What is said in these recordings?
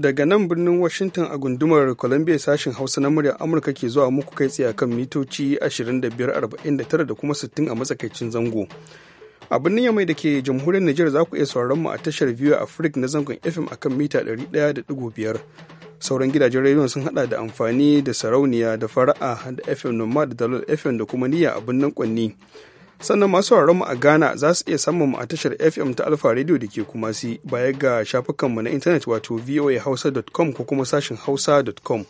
daga nan birnin washington a gundumar columbia sashen hausa na muryar amurka ke zuwa muku kai tsaye kan mitoci 2549 da kuma 60 a matsakaicin zango a birnin yamai da ke jamhuriyar nijar za ku iya sauraron mu a tashar biyu afirik na zangon fm akan mita 100.5 sauran gidajen rediyon sun hada da amfani da sarauniya da fara'a da fm nomad da dalol fm da kuma niyya a birnin kwanni sannan masu mu a ghana za su iya samun mu a tashar fm ta alfa radio da ke kuma si baya ga shafukanmu na intanet wato voahausa.com ko kuma sashin hausa.com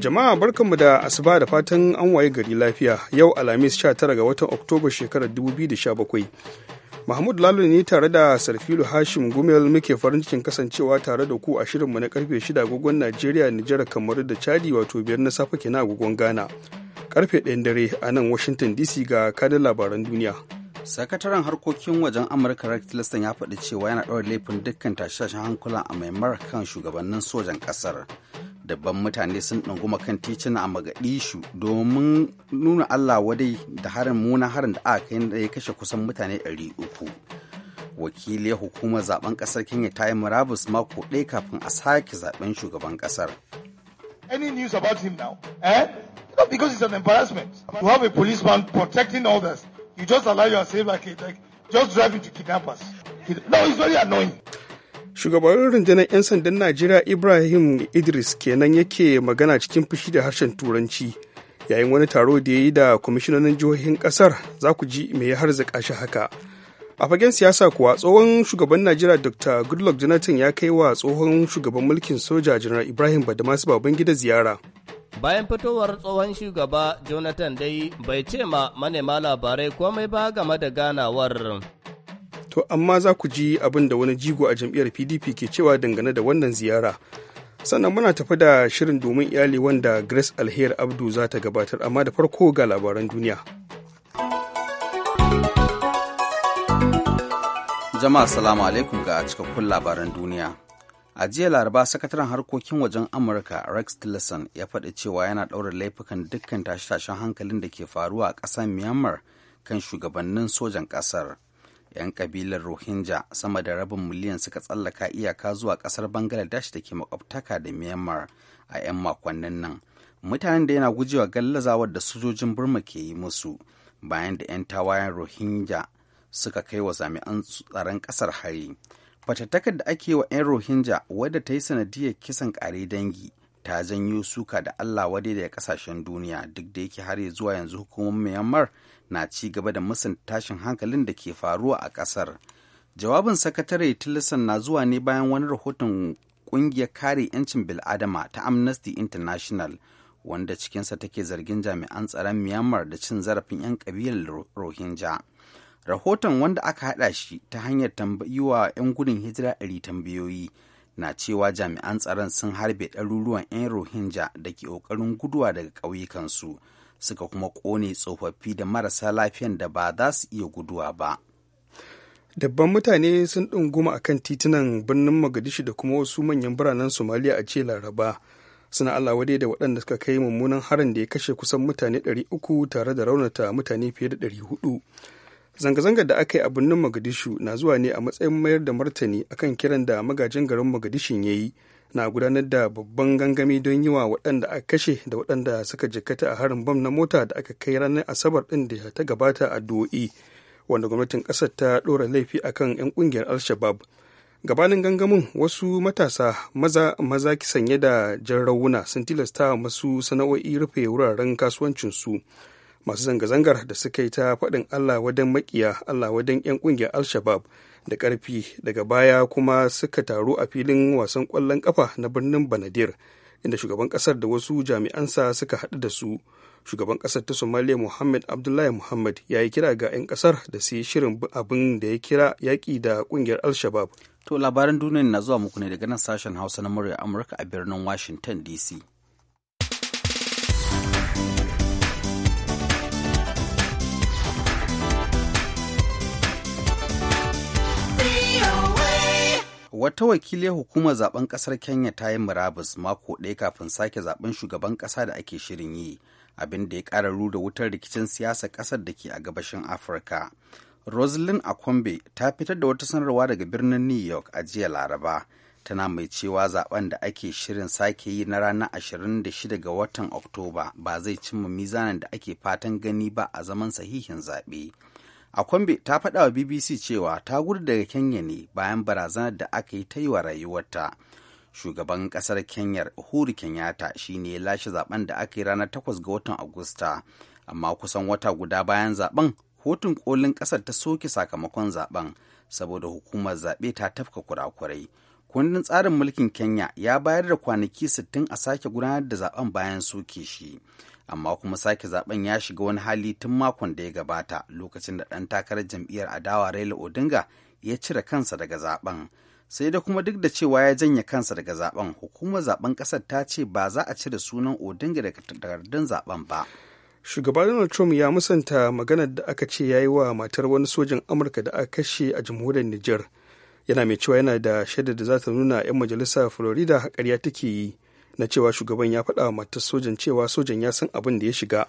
jama'a barkanmu da asuba da fatan an waye gari lafiya yau alhamis 19 ga watan oktoba shekarar 2017 Mahmud Lalo ne tare da Sarfilu Hashim Gumel muke farin cikin kasancewa tare da ku a shirinmu na karfe 6 agogon Najeriya, Nijar, kamar da Chadi wato biyar na safe kenan agogon Ghana. Karfe 1 dare a nan Washington DC ga kanin labaran duniya. sakataren harkokin wajen amurka rex tillerson ya faɗi cewa yana ɗaure laifin dukkan tashe-tashen hankula a maimar kan shugabannin sojan ƙasar dabban mutane sun ɗunguma kan titina a magadishu domin nuna allah wadai da harin muna harin da aka yi da ya kashe kusan mutane 300 ya hukumar zaben ƙasar kenya ta yi murabus mako ɗaya kafin a sake zaben shugaban ƙasar any news about him now eh? because it's an embarrassment to have a policeman protecting others You just allow yourself like, a, like just drive into kidnappers. No, it's very annoying. Shugaban rundunar 'yan sandan Najeriya Ibrahim Idris kenan yake magana cikin fushi da harshen Turanci yayin wani taro da ya yi da kwamishinanin jihohin kasar za ku ji mai ya harzika shi haka. a fagen siyasa kuwa tsohon shugaban najeriya dr goodluck jonathan ya kai wa tsohon shugaban mulkin soja janar ibrahim badamasu babangida ziyara Bayan fitowar tsohon shugaba Jonathan dai bai ce ma manema labarai komai ba game da ganawar. To amma za ku ji abin da wani jigo a jam'iyyar PDP ke cewa dangane da wannan ziyara. Sannan muna tafi da shirin domin iyali wanda Grace Alher Abdu za ta gabatar amma da farko ga labaran duniya. Jama'a salamu alaikum ga cikakkun labaran duniya. a jiya laraba sakataren harkokin wajen amurka rex tillerson ya faɗi cewa yana ɗaura laifukan dukkan tashe-tashen hankalin da ke faruwa a ƙasar myanmar kan shugabannin sojan ƙasar 'yan kabilar rohingya sama da rabin miliyan suka tsallaka iyaka zuwa ƙasar bangladesh da ke makwabtaka da myanmar a 'yan makonnin nan mutanen da yana gujewa gallazawar da sojojin burma ke yi musu bayan da 'yan tawayen rohingya suka kai wa jami'an tsaron ƙasar hari fatattakar da ake wa 'yan rohingya wadda ta yi sanadiyar kisan kare dangi ta janyo suka da allah wadai da kasashen duniya duk da yake har zuwa yanzu hukumar myanmar na ci gaba da musun tashin hankalin da ke faruwa a kasar jawabin sakatare tillerson na zuwa ne bayan wani rahoton kungiyar kare 'yancin bil'adama ta amnesty international wanda cikinsa take zargin jami'an tsaron myanmar da cin zarafin 'yan kabilar rohingya rahoton wanda aka haɗa shi ta hanyar tambayi wa 'yan gudun hijira 100 tambayoyi na cewa jami'an tsaron sun harbe ɗaruruwan 'yan rohingya da ke ƙoƙarin guduwa daga ƙauyukansu suka kuma ƙone tsofaffi da marasa lafiyan da ba za su iya guduwa ba dabban mutane sun ɗunguma a kan titunan birnin mogadishu da kuma wasu manyan biranen somaliya a ce laraba suna allah dai da waɗanda suka kai mummunan harin da ya kashe kusan mutane 300 tare da raunata mutane fiye da 400 zanga-zangar da aka yi a birnin mogadishu na zuwa ne a matsayin mayar da martani akan kiran da magajin garin mogadishin ya yi na gudanar da babban gangami don yi wa waɗanda aka kashe da waɗanda suka jikkata a harin bam na mota da aka kai ranar asabar ɗin da ta gabata a do'i wanda gwamnatin ƙasar ta ɗora laifi akan 'yan ƙungiyar al-shabab gabanin gangamin wasu matasa maza maza sanye da jan rawuna sun tilasta masu sana'o'i rufe wuraren kasuwancinsu su masu zanga-zangar da suka yi ta faɗin allah wadan makiya allah wadan 'yan ƙungiyar al-shabab da ƙarfi daga baya kuma suka taru a filin wasan ƙwallon ƙafa na birnin banadir inda shugaban ƙasar da wasu jami'ansa suka haɗu da su shugaban ƙasar ta somalia muhammad abdullahi muhammad ya yi kira ga 'yan ƙasar da su yi shirin abin da ya kira yaƙi da ƙungiyar al-shabab to labaran duniya na zuwa muku ne daga nan sashen hausa na murya amurka a birnin washington dc wata wakiliyar hukumar zaben kasar kenya ta yi murabus mako ɗaya kafin sake zaben shugaban ƙasa da ake shirin yi abin da ya ƙara da wutar rikicin siyasa ƙasar da ke a gabashin afirka rosalind akombe ta fitar da wata sanarwa daga birnin new york a jiya laraba tana mai cewa zaben da ake shirin sake yi na ranar 26 ga watan oktoba ba zai cimma mizanin da ake fatan gani ba a zaman sahihin zaɓe. Akwambe ta faɗa wa BBC cewa ta gudu daga Kenya ne bayan barazanar da aka yi ta yi wa rayuwarta. Shugaban ƙasar Kenya Uhuru Kenyatta shi ne ya lashe zaben da aka yi ranar 8 ga watan Agusta, amma kusan wata guda bayan zaben hotun kolin ƙasar ta soke sakamakon zaben saboda hukumar zaɓe ta tafka kurakurai. kundin tsarin mulkin kenya ya bayar da kwanaki 60 a sake gudanar da zaben bayan suke shi amma kuma sake zaben ya shiga wani hali tun makon da ya gabata lokacin da ɗan takarar jam'iyyar adawa raila odinga ya cire kansa daga zaben sai da kuma duk da cewa ya janye kansa daga zaben hukumar zaben ƙasar ta ce ba za a cire sunan odinga daga takardun zaben ba shugaba donald trump ya musanta maganar da aka ce ya yi wa matar wani sojin amurka da aka kashe a jamhuriyar niger yana mai cewa yana da shaidar da za ta nuna 'yan majalisa florida ƙarya take yi na cewa shugaban ya faɗa wa matar sojan cewa sojan ya san abin da ya shiga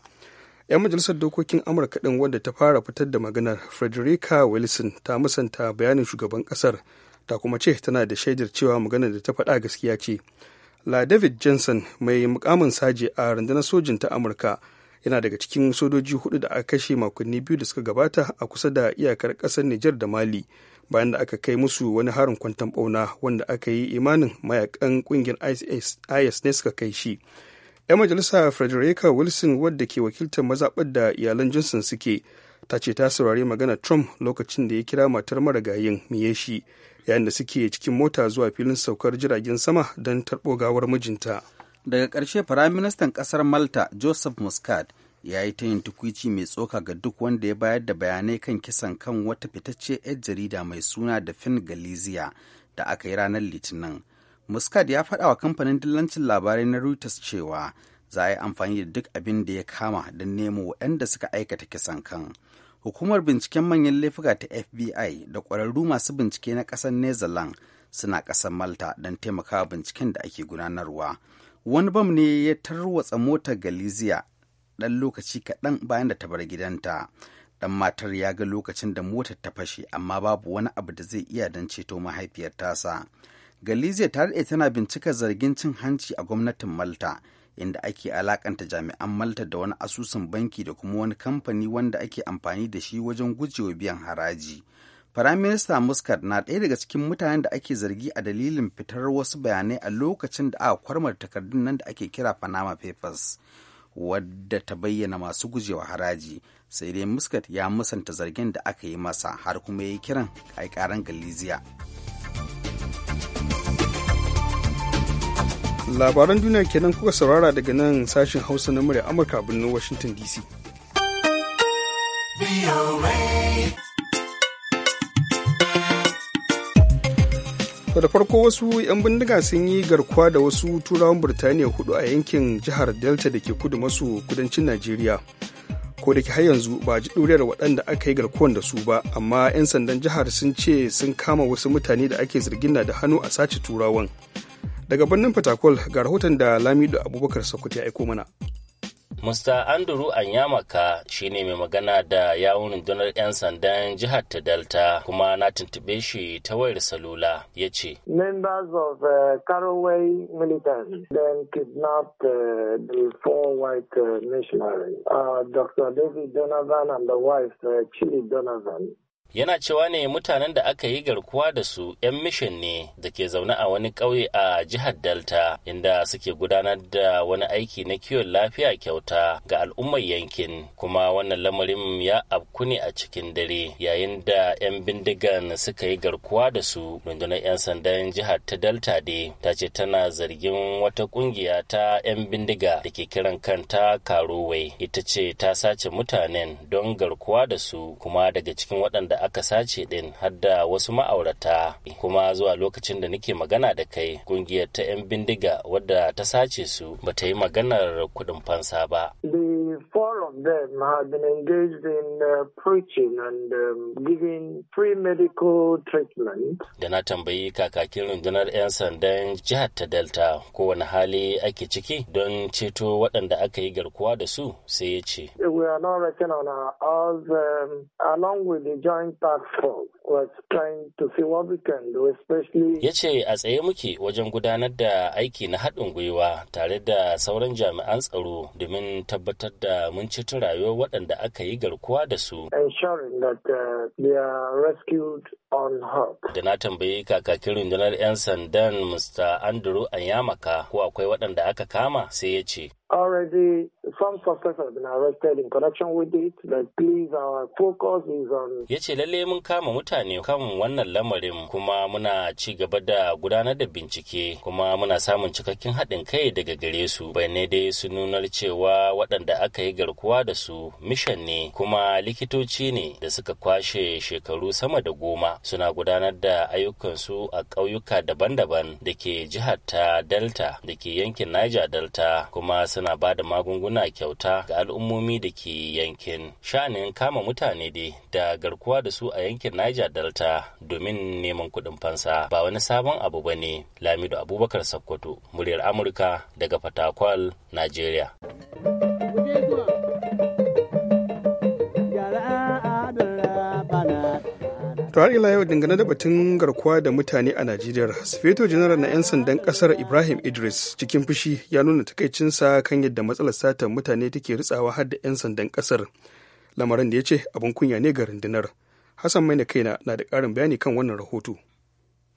'yan majalisar dokokin amurka ɗin wadda ta fara fitar da maganar frederica wilson ta musanta bayanin shugaban ƙasar ta kuma ce tana da shaidar cewa maganar da ta faɗa gaskiya ce la david johnson mai mukamin saje a rundunar sojin ta amurka yana daga cikin sojoji hudu da aka kashe makonni biyu da suka gabata a kusa da iyakar kasar Nijar da Mali bayan da aka kai musu wani harin kwantan bauna wanda aka yi imanin mayakan kungiyar IS ne suka kai shi. 'Yan majalisa Frederica Wilson wadda ke wakiltar mazaɓar da iyalan Johnson suke ta ce ta saurari magana Trump lokacin da ya kira matar marigayin Miyeshi yayin da suke cikin mota zuwa filin saukar jiragen sama don tarbo gawar mijinta. daga ƙarshe firaministan ƙasar malta joseph muscat ya yi ta yin tukwici mai tsoka ga duk wanda ya bayar da bayanai kan kisan kan wata fitacce 'yar jarida mai suna da fin galizia da aka yi ranar litinin muscat ya faɗa wa kamfanin dillancin labarai na reuters cewa za a yi amfani da duk abin da ya kama don nemo waɗanda suka aikata kisan kan hukumar binciken manyan laifuka ta fbi da ƙwararru masu bincike na ƙasar netherlands suna ƙasar malta don taimakawa binciken da ake gudanarwa wani bam ne ya tarwatsa motar galizia ɗan lokaci kaɗan bayan da ta bar gidanta ɗan matar ya ga lokacin da motar ta fashe amma babu wani abu da zai iya don ceto mahaifiyar tasa galizia ta daɗe tana bincika zargin cin hanci a gwamnatin malta inda ake alakanta jami'an malta da wani asusun banki da kuma wani kamfani wanda ake amfani da shi wajen gujewa biyan haraji Firaminista Muscat na ɗaya daga cikin mutanen da ake zargi a dalilin fitar wasu bayanai a lokacin da aka kwarmar takardun nan da ake kira Panama Papers, wadda ta bayyana masu gujewa haraji. Sai dai Muscat ya musanta zargin da aka yi masa har kuma ya yi kiran a galiziya Galizia. Labaran duniya kenan kuka saurara daga nan sashen Hausa na murya Amurka birnin Washington DC. To da farko wasu 'yan bindiga sun yi garkuwa da wasu turawan Birtaniya hudu a yankin jihar Delta da ke kudu maso kudancin Najeriya. Ko da ke har yanzu ba ji ɗuriyar waɗanda aka yi garkuwan da su ba, amma 'yan sandan jihar sun ce sun kama wasu mutane da ake zargin na da hannu a sace turawan. Daga birnin Fatakol ga rahoton da Lamido Abubakar Sokoto ya aiko mana. Mr. Andrew Anyamaka shi ne mai magana da yawun rundunar 'yan sandan jihar ta Delta kuma na tuntube shi ta wayar salula ya ce. Members of uh, Karawai militants then kidnapped uh, the four white uh, missionaries, uh, Dr. David Donovan and the wife uh, Chili Donovan. yana cewa ne mutanen da aka yi garkuwa da su 'yan mishin ne da ke zaune a wani ƙauye a jihar delta inda suke gudanar da wani aiki na kiwon lafiya kyauta ga al'ummar yankin kuma wannan lamarin ya afku ne a cikin dare yayin da 'yan bindigan suka yi garkuwa da su rundunar 'yan sandan jihar ta delta dai ta ce tana zargin wata kungiya ta 'yan bindiga da ke kiran kanta karowai ita ce ta sace mutanen don garkuwa da su kuma daga cikin waɗanda aka sace din har da wasu ma'aurata kuma zuwa lokacin da nake magana da kai kungiyar ta 'yan bindiga wadda ta sace su ba ta yi maganar kudin fansa ba. four of them have been engaged in uh, preaching and um, giving free medical treatment. Da na tambayi kakakin rundunar 'yan sandan jihar ta Delta kowane hali ake ciki don ceto waɗanda aka yi garkuwa da su sai ya ce. We are now working on our hours um, along with the joint task force. was trying to especially. Ya ce a tsaye muke wajen gudanar da aiki na haɗin gwiwa tare da sauran jami'an tsaro domin tabbatar da da mun ceto rayuwar waɗanda aka yi garkuwa da su. Uh, da na tambayi kakakin rundunar 'yan sandan Mr. Andrew Anyamaka ko akwai waɗanda aka kama sai ya ce. already some suspects have been arrested in connection with it but please our focus is on ya lalle mun kama mutane kan wannan lamarin kuma muna ci gaba da gudanar da bincike kuma muna samun cikakken haɗin kai daga gare su bayanai dai su nunar cewa waɗanda aka yi garkuwa da su mishan ne kuma likitoci ne da suka kwashe shekaru sama da goma suna gudanar da ayyukansu a ƙauyuka daban-daban da ke jihar ta delta da ke yankin niger delta kuma suna ba da magunguna kyauta ga al'ummomi da ke yankin sha'anin kama mutane dai da garkuwa da su a yankin niger delta domin neman kuɗin fansa ba wani sabon abu ba ne lamido abubakar sakkwato muryar amurka daga fatakwal nigeria to yau dangane da batun garkuwa da mutane a najeriya sufeto janaral na 'yan sandan kasar ibrahim idris cikin fushi ya nuna takaicinsa kan yadda matsalar satar mutane take ritsawa har da 'yan sandan kasar lamarin da ya ce abin kunya ne ga rundunar hassan mai na kaina na da ƙarin bayani kan wannan rahoto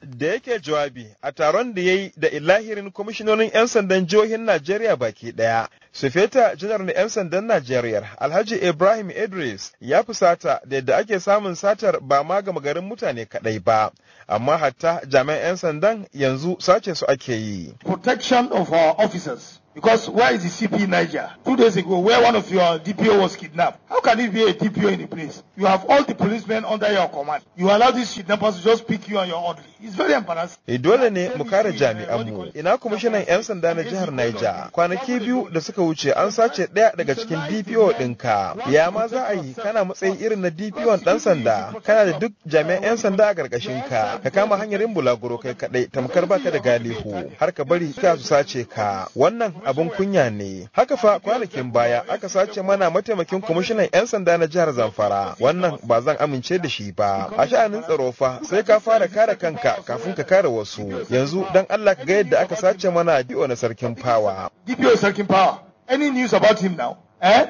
da yake jawabi a taron da ya yi da ilahirin kwamishinonin 'yan sandan jihohin Najeriya baki ɗaya. Sufeta janar na 'yan sandan Najeriya Alhaji Ibrahim Idris ya fusata da yadda ake samun satar ba ma ga magarin mutane kaɗai ba, amma hatta jami'an 'yan sandan yanzu sace su ake yi. Protection of our officers Because where is the CP Niger? Two days ago, where one of your DPO was kidnapped. How can it be a DPO in the place? You have all the policemen under your command. You allow these kidnappers to just pick you on your orderly. It's very embarrassing. E dole ne mu kare amu. Ina kwamishinan 'yan sanda na jihar Niger. Kwanaki biyu da suka wuce an sace ɗaya daga cikin DPO dinka. Ya ma za a yi kana matsayi irin na DPO dan sanda. Kana da duk jami'an 'yan sanda a karkashin ka. Ka kama hanyar yin bulaguro kai kaɗai tamkar baka da galihu. Har ka bari ka su sace ka. Wannan abin kunya ne haka fa kwanakin baya aka sace mana mataimakin kwamishinan 'yan sanda na jihar zamfara wannan ba zan amince da shi ba a sha'anin tsaro fa sai ka fara kare kanka kafin ka kare wasu yanzu dan allah ka ga yadda aka sace mana diyo na sarkin fawa diyo sarkin fawa any news about him now eh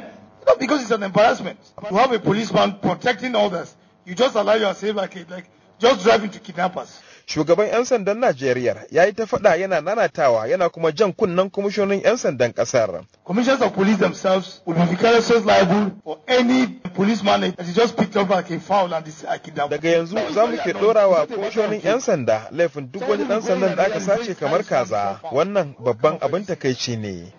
not because it's an embarrassment to have a policeman protecting others you just allow yourself like a, like just driving to kidnappers shugaban 'yan sandan najeriya ya yi ta faɗa yana nanatawa yana kuma jan kunnen kwamishonin 'yan sandan ƙasar. commissioners of daga yanzu za mu ke ɗorawa kwamishonin 'yan sanda laifin duk wani ɗan sandan da aka sace kamar kaza wannan babban abin takaici ne.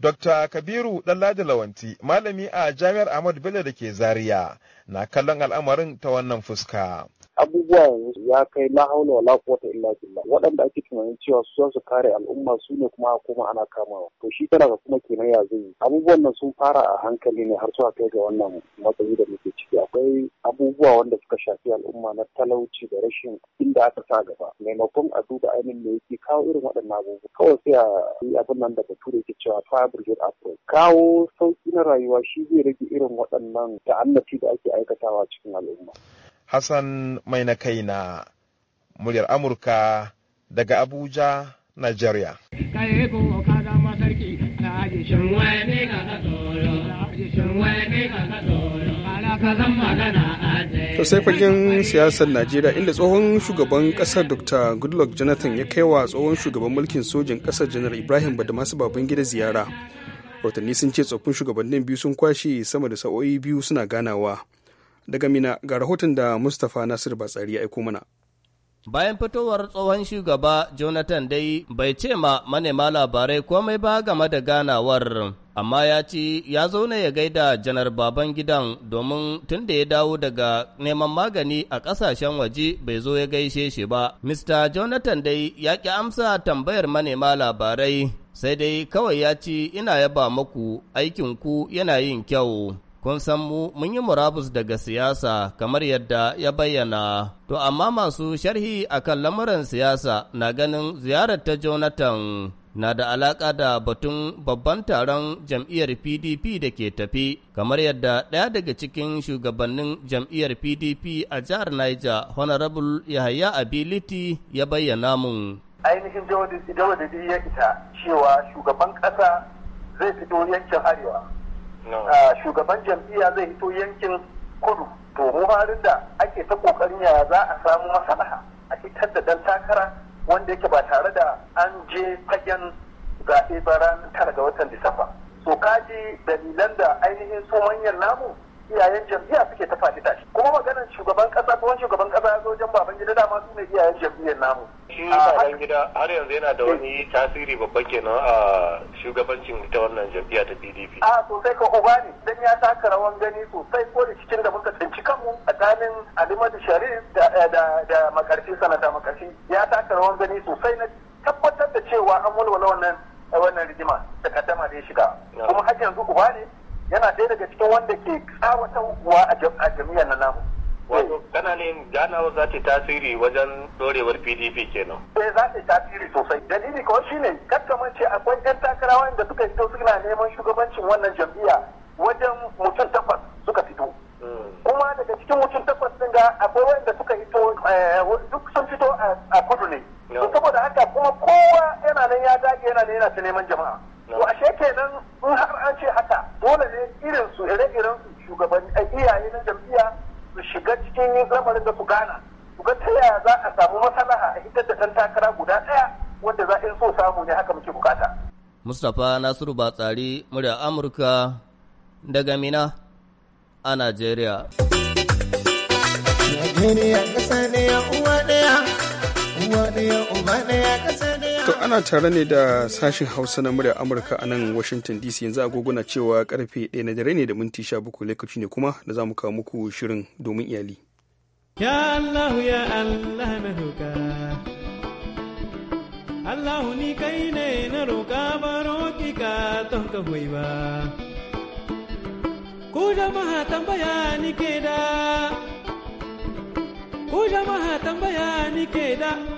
Dr. Kabiru Ɗanladi Lawanti, malami a Jami'ar Ahmadu Bello da ke Zaria, na kallon al'amarin ta wannan fuska. abubuwa yanzu ya kai la haula wala quwwata illa billah waɗanda ake tunanin cewa su su kare al'umma su ne kuma kuma ana kamawa to shi ga kuma kenan ya zai abubuwan nan sun fara a hankali ne har zuwa kai ga wannan matsayi da muke ciki akwai abubuwa wanda suka shafi al'umma na talauci da rashin inda aka sa gaba maimakon a duba ainihin me yake kawo irin waɗannan abubuwa kawai sai a yi abin nan da bature ke cewa fire brigade approach kawo sauki na rayuwa shi zai rage irin waɗannan ta'annaci da ake aikatawa cikin al'umma Hassan mai na kai na muryar Amurka daga Abuja, Nigeria. To sai fagen siyasar Najeriya inda tsohon shugaban kasar Dr. Goodluck Jonathan ya kai wa tsohon shugaban mulkin sojin kasar Janar Ibrahim baban Babangida ziyara. Watanni sun ce tsoffin shugabannin biyu sun kwashe sama da sa'o'i biyu suna ganawa. Daga Mina ga rahoton da Mustapha Nasir Batsari ya aiko mana. Bayan fitowar tsohon shugaba Jonathan dai bai ce ma manema labarai komai ba game da ganawar, amma ya ce ya zo ya gaida janar baban gidan domin tun da ya dawo daga neman magani a ƙasashen waje bai zo ya gaishe shi ba. Mr. Jonathan dai ya ki amsa tambayar manema labarai, sai dai kawai ya ce ina yaba muku aikinku yana yin kyau. kun san mu mun yi murabus daga siyasa kamar yadda ya bayyana. To amma masu sharhi akan lamuran siyasa na ganin ziyarar ta Jonathan na da alaƙa da batun babban taron jam'iyyar PDP da ke tafi, kamar yadda ɗaya daga cikin shugabannin jam'iyyar PDP a jihar Niger, Honorable Yahaya Ability ya bayyana mun. Ainihin jawadadi ya ita cewa shugaban ƙasa zai fito yankin arewa Ah, shugaban jam'iyya zai hito yankin kudu to mu da ake ta kokarin yaya za a samu masalaha a fitar da dan takara wanda yake ba tare da an je fagen zaɓe ba ranar tara ga watan disamba so kaji dalilan da ainihin su manyan namu iyayen jam'iyya suke ta faɗi tashi kuma maganar shugaban ƙasa ko wani shugaban ƙasa ya zo wajen baban gida dama su ne iyayen jam'iyyar namu Shugaban gida har yanzu yana da wani tasiri babba kenan a shugabancin ta wannan jam'iyya ta PDP a sosai ka uba ne dan ya taka rawan gani sosai ko da cikin da muka tsinci kanmu a tsakanin Alimadu Sharif eh, da da makarfi sanata makarfi ya taka rawan gani sosai na tabbatar da cewa an walwala wannan wannan rigima da kaddama da ya shiga kuma har yanzu uba ne yana ɗaya daga cikin wanda ke ƙawatarwa a jami'ar na namu. Wato ne ganawar za ta tasiri wajen dorewar PDP kenan. Eh za ta tasiri sosai. Dalili kawai shine ce akwai 'yan takara wanda suka fito suna neman shugabancin wannan jam'iyya wajen mutum takwas suka fito. Hmm. Kuma daga cikin mutum takwas ɗin ga akwai wanda suka fito eh, duk sun fito a kudu ne. Saboda haka kuma kowa yana nan ya dage yana nan yana ta neman jama'a. washe kenan in har an ce haka dole ne irin su ire-iren su shugabanni a iyaye na jam'iyya su shiga cikin lamarin da su gana su ga ta yaya za a samu masala a hitar da ɗan takara guda ɗaya wanda za in so samu ne haka muke bukata. Mustapha Nasiru Batsari, murya Amurka daga Mina a Najeriya. Najeriya ƙasa ne ya ana tare ne da sashen hausa na murya amurka a nan washington dc yanzu agogona cewa karfe 1 na dare ne da minti 17 lokaci ne kuma da za mu kawo muku shirin domin iyali ya allah ya allah na roka allah ni kai ne na roka baro ki ka ton ka hoyi ba ku jama'a tambaya ni ke da ku jama'a tambaya ni ke da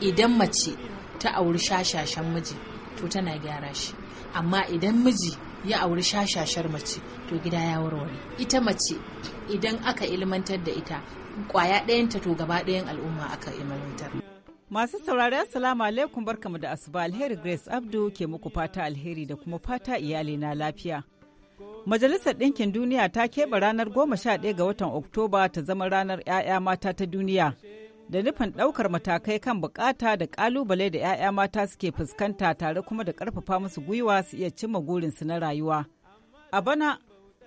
idan mace ta auri shashashen miji to tana gyara shi amma idan miji ya auri shashashar mace to gida ya warware ita mace idan aka ilmantar da ita kwaya ɗayanta to gaba ɗayan al'umma aka ilmantar masu saurari assalamu alaikum barkamu da asuba alheri grace abdu ke muku fata alheri da kuma fata iyali na lafiya Majalisar Ɗinkin Duniya ta keɓe ranar goma 11 ga watan Oktoba ta zama ranar 'ya'ya mata ta duniya da nufin ɗaukar matakai kan bukata da ƙalubale da 'ya'ya mata suke fuskanta tare kuma da ƙarfafa musu gwiwa su iya cimma gurinsu na rayuwa. A bana,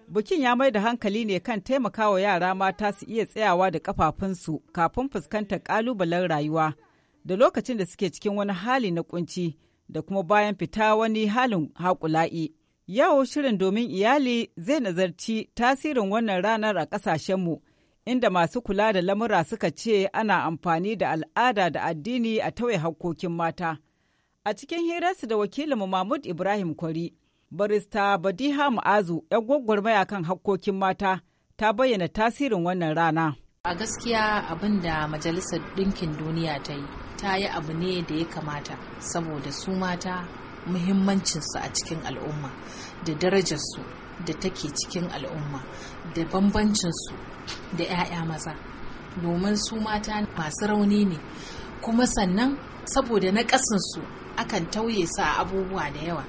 bikin ya mai da hankali ne kan taimakawa yara mata su iya tsayawa da ƙafafunsu kafin fuskantar ƙalubalen rayuwa da lokacin da suke cikin wani hali na kunci da kuma bayan fita wani halin haƙula'i. Yau shirin domin iyali zai nazarci tasirin wannan ranar a ƙasashenmu inda masu kula da lamura suka ce ana amfani da al'ada da addini a tauye hakkokin mata. A cikin hirarsu da wakilinmu Mahmud Ibrahim Kwari, barista Badiha Mu'azu, 'yan maya kan hakkokin mata, ta bayyana tasirin wannan rana. A gaskiya abin da Majalisar Ɗinkin Duniya ta yi, ta yi abu ne da ya kamata, saboda su mata muhimmancinsu a cikin al'umma, da darajarsu da take cikin al'umma, da bambancinsu da 'ya'ya maza domin su mata masu rauni ne kuma sannan saboda na su akan tauye su a abubuwa da yawa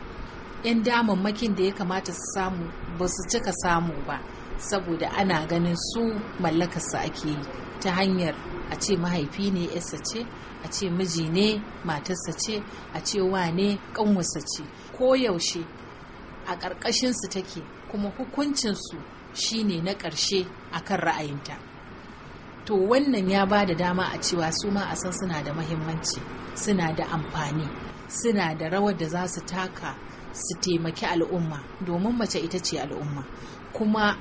'yan damammakin da ya kamata su samu ba su cika samu ba saboda ana ganin su mallakarsa ake yi ta hanyar a ce mahaifi ne yarsa ce a ce miji ne matarsa ce a ce wane ƙanwarsa ce ko yaushe a ƙarƙashinsu take kuma hukuncinsu Shi ne na ƙarshe a kan ra'ayinta to wannan ya ba da dama a cewa su ma a san suna da mahimmanci suna da amfani suna da rawar da za su taka su taimaki al'umma domin mace ita ce al'umma kuma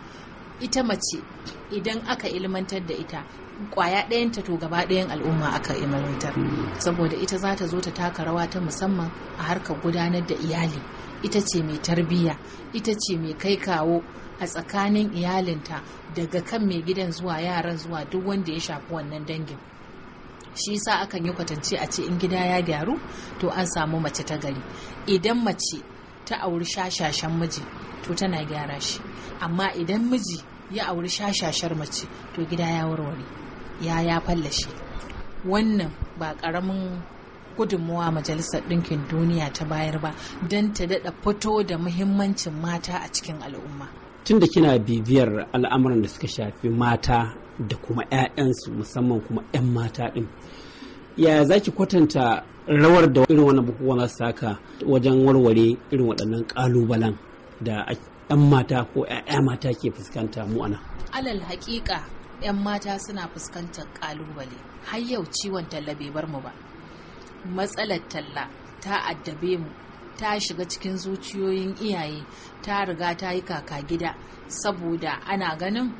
ita mace idan aka ilmantar da ita kwaya ɗayanta to gaba ɗayan al'umma aka ilmantar saboda ita za ta zo ta taka rawa ta musamman a harkar gudanar da iyali ita ce mai tarbiyya ita ce mai kai kawo a tsakanin iyalinta daga kan mai gidan zuwa yaran zuwa duk wanda ya shafi wannan dangin shi sa akan yi kwatance a ce in gida ya gyaru to an samu mace ta gari idan mace ta auri shashashen miji to tana gyara shi amma idan miji ya auri shashashar mace to gida ya warware ya ya fallashe wannan ba karamin gudunmuwa majalisar ɗinkin duniya ta bayar ba don ta daɗa fito da muhimmancin mata a cikin al'umma tunda kina bibiyar al'amuran da suka shafi mata da kuma 'ya'yansu musamman kuma 'yan mata ɗin ya za ki kwatanta rawar da irin wannan bukukuwan za su wajen warware irin waɗannan ƙalubalen da 'yan mata ko 'ya'ya mata ke fuskanta mu ana alal haƙiƙa 'yan mata suna fuskantar ƙalubale har yau ciwon talla bai bar mu ba matsalar talla ta addabe mu ta shiga cikin zuciyoyin iyaye ta riga ta yi kaka gida saboda ana ganin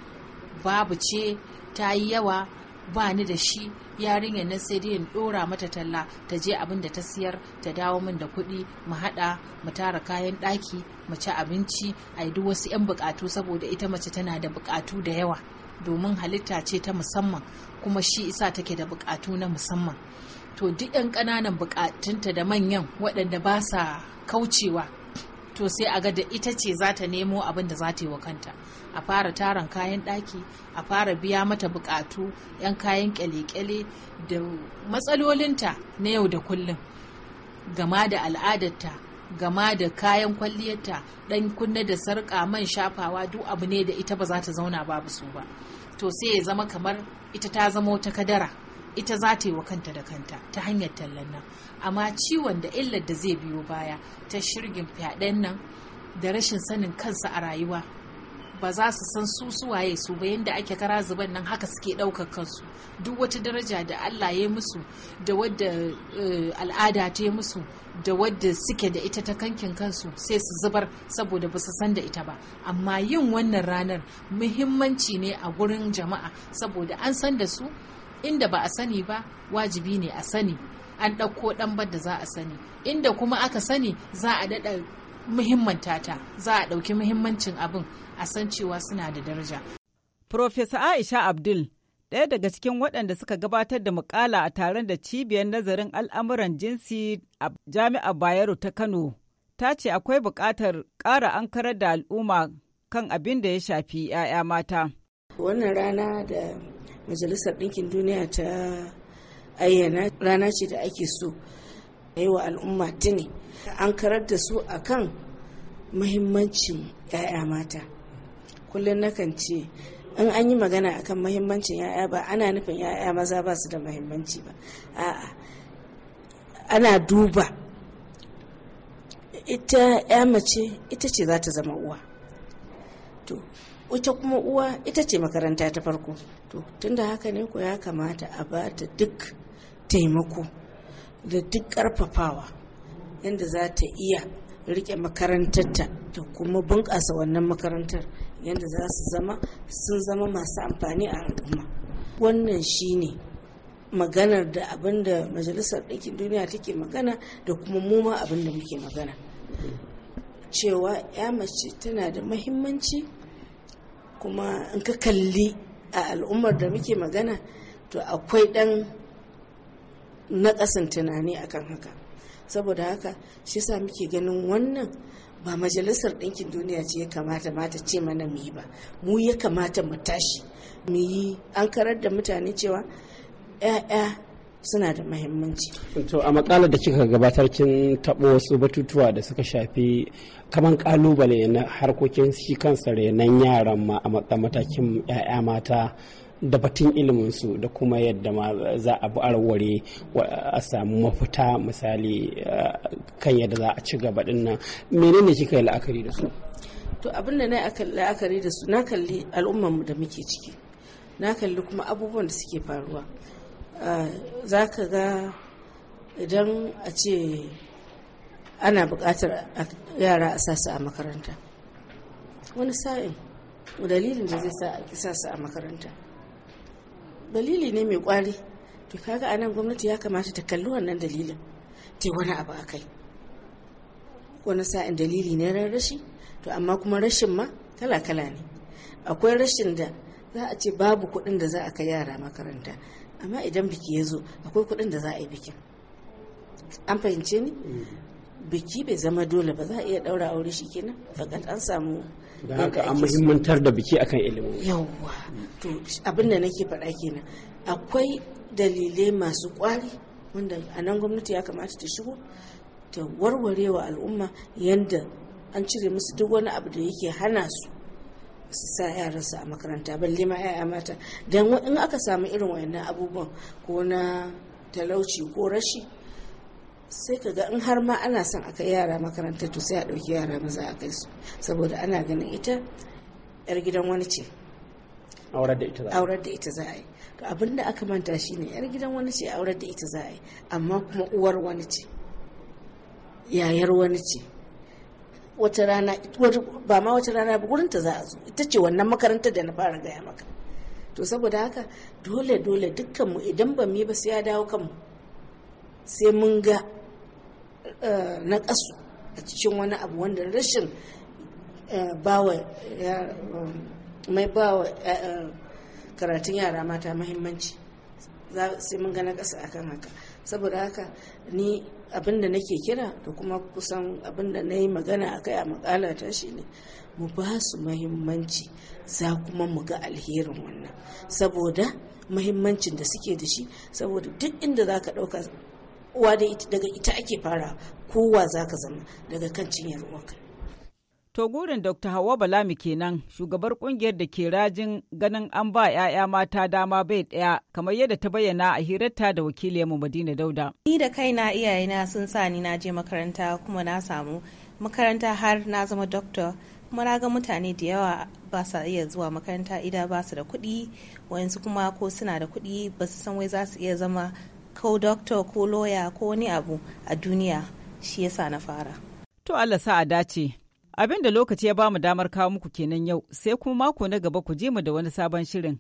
babu ce ta yi yawa ba ni da shi yarinyar nan sai dai in dora mata talla ta je abin da ta siyar ta dawo min da kuɗi mu haɗa mu tara kayan ɗaki mu ci abinci a yi duk wasu 'yan buƙatu saboda ita mace tana da buƙatu da yawa domin halitta ce ta musamman kuma shi isa take da buƙatu na musamman to duk 'yan ƙananan buƙatunta da manyan waɗanda ba sa kaucewa to sai a ga da ita ce za ta nemo abin da za ta yi wa kanta a fara taron kayan ɗaki a fara biya mata buƙatu 'yan kayan kyale-kyale da matsalolinta na yau da kullum gama da al'adarta gama da kayan kwalliyarta ɗan kunna da sarƙa man shafawa duk abu ne da ita ba za ta zauna babu su ba to sai ya zama kamar ita ta zama wata kadara ita za ta yi wa kanta da kanta ta hanyar tallan nan amma ciwon da illar da zai biyo baya ta shirgin fyaɗen nan da rashin sanin kansa a rayuwa ba za su san su suwaye su ba yadda ake kara zuban nan haka suke ɗaukar kansu duk wata daraja da Allah ya musu da wadda eh, al'ada ta yi musu da wadda suke da ita ta kankin kansu sai su zubar saboda ba su san da ita ba amma yin wannan ranar muhimmanci ne a gurin jama'a saboda an san da su inda ba a sani ba wajibi ne a sani an ɗauko ɗan da za a sani inda kuma aka sani za a daɗa muhimmanta ta za a ɗauki muhimmancin abin a san cewa suna da daraja. Profesa Aisha Abdul ɗaya daga cikin waɗanda suka gabatar da mukala a taron da cibiyar nazarin al'amuran jinsi a jami'ar Bayero ta Kano ta ce akwai buƙatar ƙara ankarar da al'umma kan abin da ya shafi 'ya'ya mata. Wannan rana da majalisar ɗinkin duniya ta ayyana rana ce da ake so a yi wa al'umma tuni an karar da su akan mahimmancin 'ya'ya mata kullum nakan ce in an yi magana akan mahimmancin 'ya'ya ba ana nufin 'ya'ya maza ba su da mahimmanci ba a'a ana duba ita 'ya mace ita ce za ta zama uwa ita kuma uwa ita ce makaranta ta farko to tunda haka ne ku ya kamata a ba ta duk taimako da duk karfafawa yadda za ta iya rike makarantarta da kuma bunƙasa wannan makarantar yadda za su zama sun zama masu amfani a al'umma wannan shi ne maganar da abin da majalisar ɗinkin duniya take magana da kuma muma abin da muke magana cewa ya mace tana da mahimmanci kuma in ka kalli a al'ummar da muke magana to akwai ɗan naƙasan tunani akan haka saboda haka shi sa muke ganin wannan ba majalisar ɗinkin duniya ce ya kamata mata ce mana mu yi ba mu ya kamata mu tashi mu yi an karar da mutane cewa 'ya'ya suna da mahimmanci. To a matsalar da kika gabatar kin taɓa wasu batutuwa da suka shafi kaman kalubale na harkokin shi kansa renon yaran ma a matakin 'ya'ya mata da batun iliminsu da kuma yadda ma za a bi arware a samu mafita misali eh, kan yadda za a ci gaba dinnan menene kika yi la'akari da su to abin da na yi la'akari da su na kalli al'ummarmu da muke ciki na kalli kuma abubuwan da suke faruwa za ka ga idan a ce ana buƙatar yara a sasu a makaranta wani sa'in dalilin da zai sa a sasu a makaranta dalili ne mai kwari to kaga a nan gwamnati ya kamata ta kalli wannan dalilin ta wani abu a kai wani sa'in dalili ne ran rashi to amma kuma rashin ma kala-kala ne akwai rashin da za a ce babu kuɗin da za a kai yara makaranta amma idan biki ya zo akwai kuɗin da za a yi bikin an fahimce ni mm. biki bai zama dole ba za a iya ɗaura aure shi kenan fakat an samu da haka an muhimmantar da biki akan ilimi yawwa mm. to abin da nake faɗa kenan akwai dalilai masu ƙwari wanda a nan gwamnati ya kamata ta shigo ta warwarewa al'umma yanda an cire musu duk wani abu da yake hana su su sa yaransu a makaranta balle ma 'ya'ya mata don in aka samu irin wayannan abubuwan ko na talauci ko rashi sai ka ga in har ma ana son a kai yara makaranta to sai a ɗauki yara maza a kai su saboda ana ganin ita 'yar gidan wani ce aurar da ita za a yi to abin da aka manta shine 'yar gidan wani ce aurar da ita za a yi amma kuma uwar wani ce yayar wani ce wata rana ba ma wata rana ba gurin ta za a zo ita ce wannan makarantar da na fara gaya maka to saboda haka dole dole dukkanmu idan ba mu ba sai ya dawo kanmu sai mun ga eh, na kasu a cikin wani abu wanda rashin eh, bawa mai bawa eh, karatun yara mata mahimmanci sai mun ga na kasa akan haka saboda haka ni abin da nake kira da kuma kusan abin da na yi magana a kai a makalata shi ne mu ba su mahimmanci za kuma mu ga alherin wannan saboda mahimmancin da suke da shi saboda duk inda za ka ɗauka uwa daga ita ake fara kowa za ka zama daga kan cinyar uwarka To gurin Dr. hawa Balami kenan shugabar kungiyar da ke rajin ganin an ba 'ya'ya mata dama bai ɗaya kamar yadda ta bayyana a hirarta da mu Madina Dauda. Ni da kaina iyayena sun sa ni na je makaranta kuma na samu makaranta har na zama doctor kuma na ga mutane da yawa ba sa iya zuwa makaranta idan ba su da kuɗi wayansu kuma ko suna da kuɗi ba su san wai za su iya zama ko doctor ko lawyer ko wani abu a duniya shi yasa na fara. To Allah sa a dace. Abin da lokaci ya bamu damar kawo muku kenan yau sai kuma mako na gaba ku je mu da wani sabon shirin.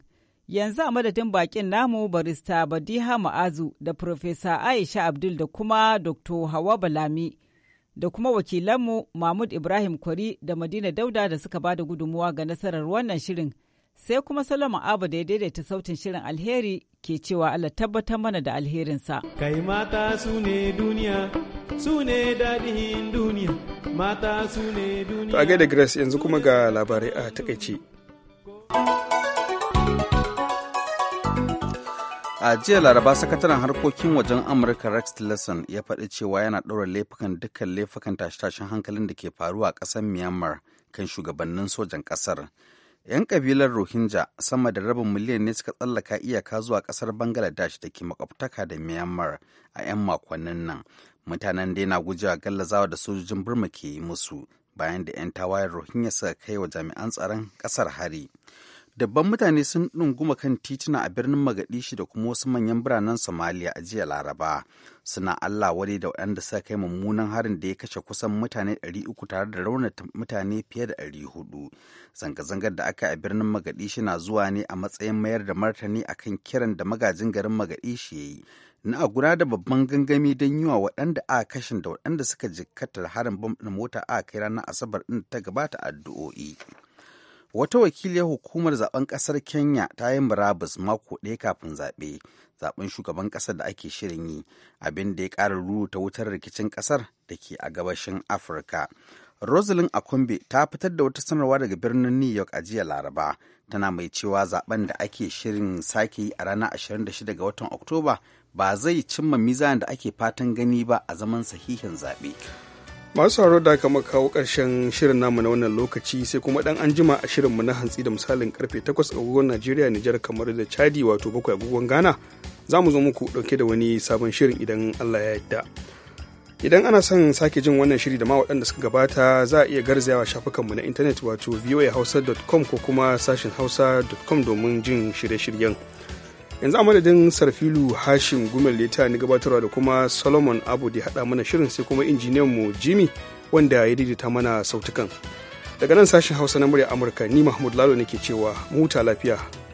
Yanzu a madadin bakin namu barista Badiha Ma'azu da Profesa Aisha Abdul da kuma Dr. Hawa Balami da kuma wakilanmu Mahmud Ibrahim Kwari da Madina Dauda da suka ba da gudunmuwa ga nasarar wannan shirin. Sai kuma Salon Abu da ya daidaita sautin shirin alheri ke cewa Allah tabbatar mana da alherinsa. Kai mata su ne duniya su ne duniya mata su duniya. To a Grace yanzu kuma ga labarai a takaice. a jiya laraba sakataren harkokin wajen amurka rex tillerson ya faɗi cewa yana ɗaura laifukan dukkan laifukan tashe-tashen hankalin da ke faruwa a ƙasar myanmar kan shugabannin sojan ƙasar 'yan kabilar rohingya sama da rabin miliyan ne suka tsallaka iyaka zuwa ƙasar bangladesh da ke makwabtaka da myanmar a 'yan makonnin nan mutanen dai na gujewa gallazawa da sojojin burma ke yi musu bayan da 'yan tawayen rohingya suka kai wa jami'an tsaron ƙasar hari dabban mutane sun ɗunguma kan tituna a birnin magadishi da kuma wasu manyan biranen somaliya a jiya laraba suna allah wadai da waɗanda suka kai mummunan harin da ya kashe kusan mutane 300 tare da raunata mutane fiye da 400 zanga-zangar da aka yi a birnin magadishi na zuwa ne a matsayin mayar da martani akan kiran da magajin garin magadishi ya yi na a guda da babban gangami don yi wa waɗanda aka kashin da waɗanda suka jikkatar harin bam na mota aka kai ranar asabar ɗin ta gabata addu'o'i wata wakiliyar hukumar zaben ƙasar kenya ta yi murabus mako ɗaya kafin zaɓe zaben shugaban ƙasar da ake shirin yi abin da ya ƙara ruruta wutar rikicin ƙasar da ke a gabashin afirka rosalind akombe ta fitar da wata sanarwa daga birnin new york a jiya laraba tana mai cewa zaben da ake shirin sake yi a ranar 26 ga watan oktoba ba zai cimma mizan da ake fatan gani ba a zaman sahihin zaɓe. masu sauraro da aka kawo ƙarshen shirin namu na wannan lokaci sai kuma ɗan anjima jima a shirinmu na hantsi da misalin karfe 8 agogon najeriya nijar kamar da chadi wato bakwai agogon ghana za mu zo muku ɗauke da wani sabon shirin idan allah ya yadda idan ana son sake jin wannan shiri da ma waɗanda suka gabata za a iya garzayawa shafukanmu na intanet wato voahausa.com ko kuma sashen hausa.com domin jin shirye-shiryen yanzu a madadin sarfilu hashim gumel leta ni gabatarwa da kuma solomon abu da haɗa mana shirin sai kuma injiniyan mu jimmy wanda ya daidaita mana sautukan daga nan sashen hausa na murya amurka ni mahmud lalo nake cewa muta lafiya